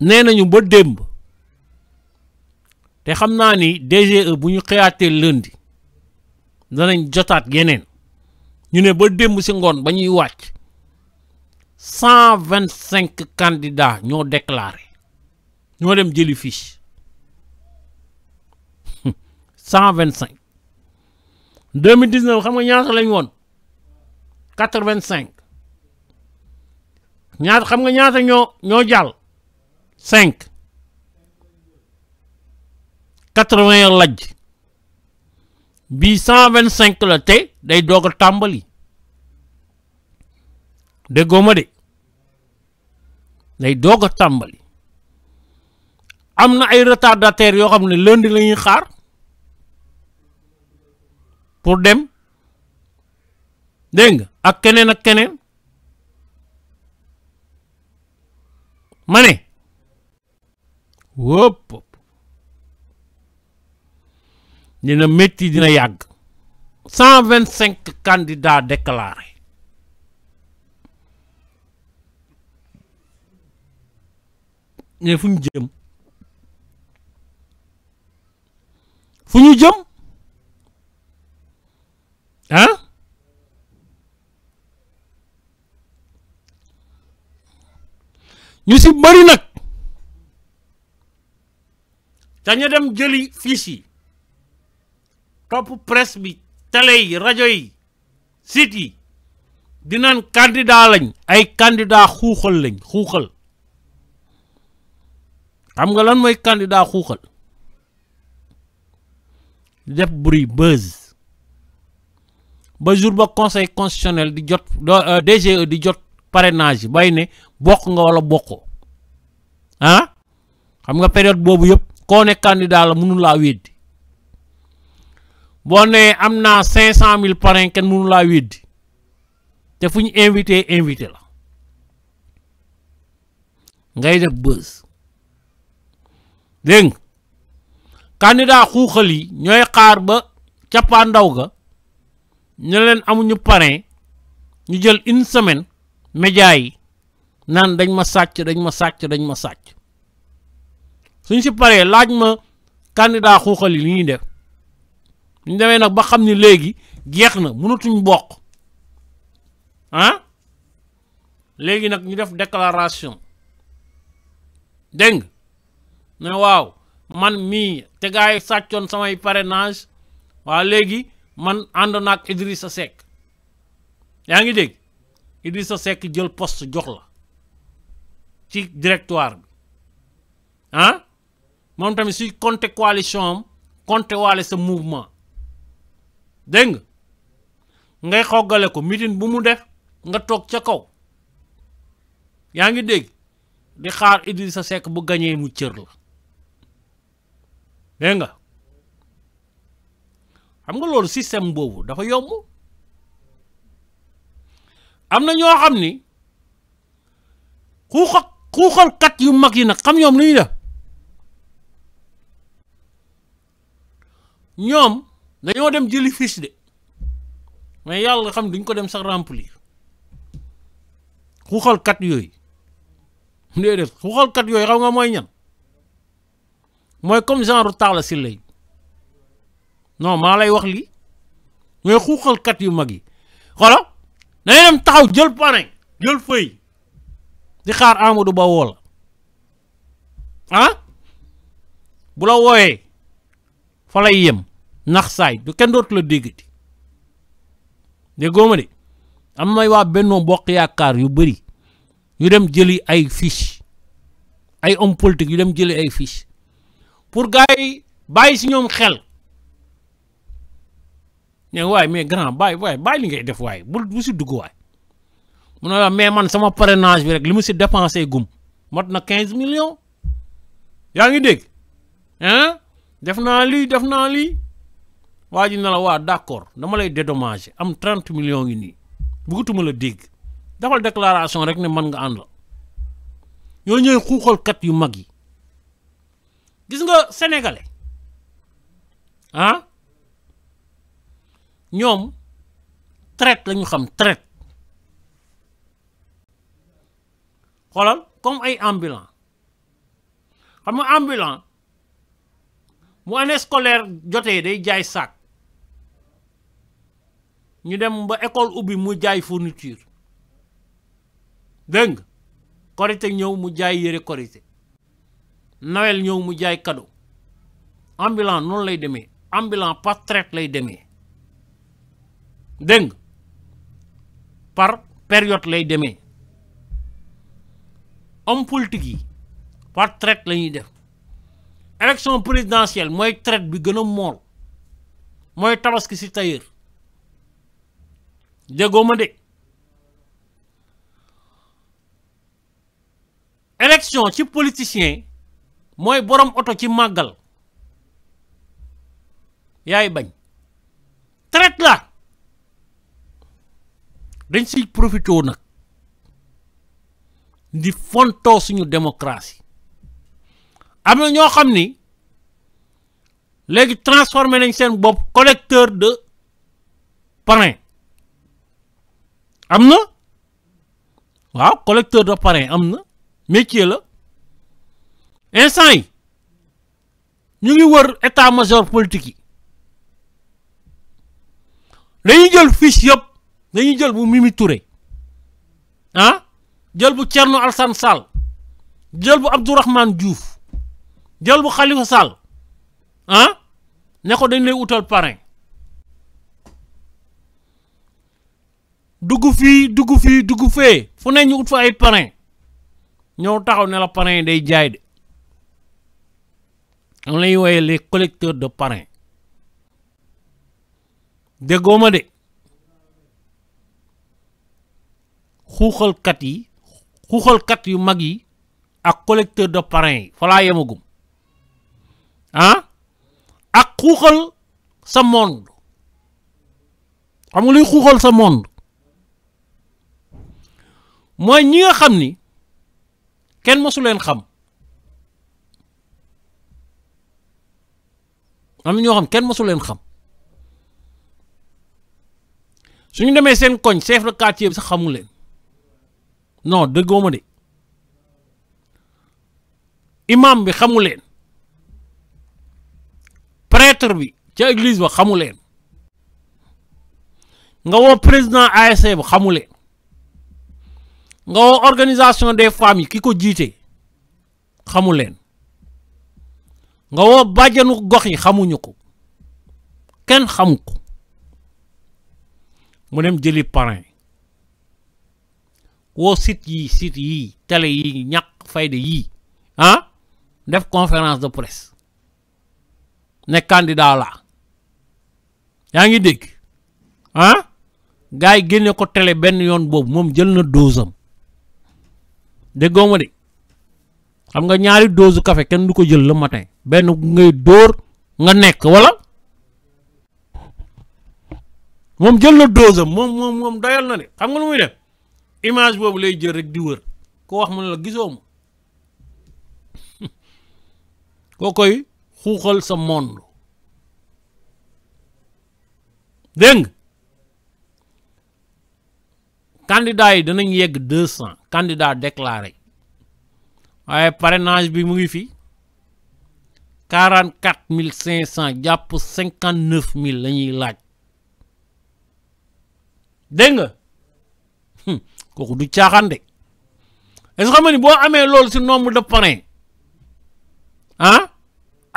nee nañu ba démb te xam naa ni DGE bu ñu xëyaatee lëndi danañ jotaat yeneen ñu ne ba démb si ngoon ba ñuy wàcc cent vingt cinq candidats ñoo déclaré ñoo dem jëli fiche cent vingt cinq deux mille dix xam nga ñaata lañ woon quatre vingt cinq xam nga ñaata ñoo ñoo jàll cinq quatre-vingts lajj bii cent vingt cinq la te day doog tàmbali déggoo ma de day doog a tàmbali am na ay retardataires yoo xam ne lundi lañuy xaar pour dem dégg nga ak keneen ak keneen ma ne wópp dina métti dina yàgg cent vingt cinq candidats déclarés ne fu ñu jëm fu ñu jëm ah ñu si bëri nag dañu dem jëli fiche yi topp presse bi télé yi rajo yi site yi di naan candidat lañ ay candidat xuuxal lañ xuuxal xam nga lan mooy candidat xuuxal def bruit buzz ba jour ba conseil constitutionnel di jot DGE euh, di jot parrainage bay ne bokk nga wala bokko ah xam nga période boobu yëpp koo ne candidat la mënu laa weddi boo nee am naa cinq cent mille parrain kenn mënu weddi te fu ñu invité invité la ngay def bës dégg nga candidat xuuxal yi ñooy xaar ba cappaa ndaw ga ñu leen amuñu parrain ñu jël une semaine média yi naan dañ ma sàcc dañ ma sàcc dañ ma sàcc suñ si paree laaj ma candidat xuuxal yi li ñuy def ñu demee nag ba xam ni léegi jeex na mënatuñ bokk ah léegi nag ñu def déclaration dégg nga ne waaw man mii te gaa yi sàccoon samay parrainage waaw léegi man ànd naag sa Seck yaa ngi dégg sa sekk jël post jox la ci directoire bi moom tamit suy compter coalition am compter waale sa mouvement dégg nga ngay xoggale ko meeting bu mu def nga toog ca kaw yaa ngi dégg di xaar sa Seck bu gañee mu cër la dégg nga xam nga loolu système boobu dafa yomb am na ñoo xam ni xuuxa xuuxalkat yu mag yi nag xam ñoom lu ñuy def ñom dañu dem jëli fish de mais yalla xam duñ ko dem sax remplir xuxalkat ku xol kat yoy xaw nga moy ñan moy comme genre taala si lay non ma lay wax ku xol kat yu magi xolo dañuy dem taxaw jël parrain jël feuy di xaar amadou ba wol ah bu la woyé fa lay yem nax saay du kenn dootu la déggati déggoo ma de am may waa Benno Bokk Yaakaar yu bëri yu dem jëli ay fiche ay homme politique yu dem jëli ay fiche pour gars yi bàyyi si ñoom xel ne waaye mais grand bàyyi waaye bàyyi li ngay def bul bu si dugg waay mu ne mais man sama parrainage bi rek li mu si dépensé gum mat na quinze yaa ngi dégg ah def naa lii def naa lii waa ji ne la waa d'accord dama lay dédommager am 30 millions ngi nii bëggatuma la dégg dafal déclaration rek ne mën nga ànd ñoo ñooy xuuxalkat yu mag yi gis nga sénégalais ah ñoom traite la xam traite xoolal comme ay ambulant xam nga ambulant mu ne scolaire jotee day jaay saak ñu dem ba école ubbi mu jaay fourniture dégg nga korite ñëw mu jaay yére korite Noël ñëw mu jaay cadeau ambulant noonu lay demee ambulant par traite lay demee dégg nga par période lay demee homme politique yi par traite la ñuy def élection présidentielle mooy traite bi gën a mool mooy tabaski si tailleur déggoo ma dégg ci politicien mooy borom oto ci màggal yaay bañ traite la dañ si profité nag di fontoo suñu démocratie am na ñoo xam ni léegi transformé nañ seen bopp collecteur de parrain am na waaw collecteur de parrain am na métier la instant yi ñu ngi wër état major politique yi dañuy jël fiche yëpp dañuy jël bu Mimi Touré ah jël bu Thierno Alassane Sall jël bu Abdourahmane Diouf jël bu Khalifa Sall ah ne ko dañ lay utal parrain dugg fii dugg fii dugg fee fu ne ñu ut fa ay parrain ñoo taxaw ne la parrain yi day jaay de am lañuy woye les collecteurs de parrain déggoo ma de xuuxalkat yi xuuxalkat yu mag yi ak collecteur de parrain yi fa laa yemagum ah ak xuuxal sa monde xam nga luy xuuxal sa monde mooy ñi nga xam ni kenn mosu leen xam am na ñoo xam kenn mosu leen xam suñu demee seen koñ chef de quartier bi sax xamu leen non dëggoo ma de imam bi xamuleen leen bi ca église ba xamu leen nga woo président ASC e bu xamu nga woo organisation des femmes yi ki ko jiite xamu leen nga woo bàjjanu gox yi xamuñu ko kenn xamu ko mu dem jëli parrain woo site yi site yii tele yii ñàkk fayda yii ah def conférence de presse ne candidat la yaa ngi dégg ah gars yi génne ko tele benn yoon boobu moom jël na dosam déggoo ma de xam nga ñaari dose café kenn du ko jël la matin benn ngay dóor nga nekk walla moom jël na dose am moom moom moom doyal na de xam nga lu muy def image boobu lay jël rek di wër ko wax mu ne la gisoo ma koo koy xuuxal sa monde dégg nga candidats yi danañ yegg deux cent candidats déclarés waaye parrainage bi mu ngi fi quarante quatre mille cinq cent jàpp cinquant neuf mille lañuy laaj dégg nga hmm, kooku du caaxande de est-ce que boo amee loolu ci nombre de parrain ah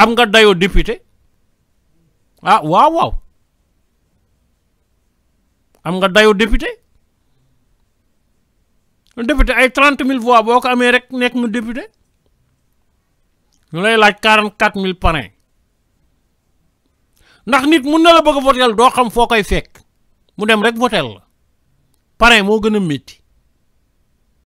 am nga dayoo député ah waaw waaw am nga dayoo député. député ay trente mille voix boo ko amee rek nekk nga député ñu lay laaj quarante quatre mille parrain ndax nit mun na la bëgg a votel doo xam foo koy fek mu dem rek votel la parrain moo gën a métti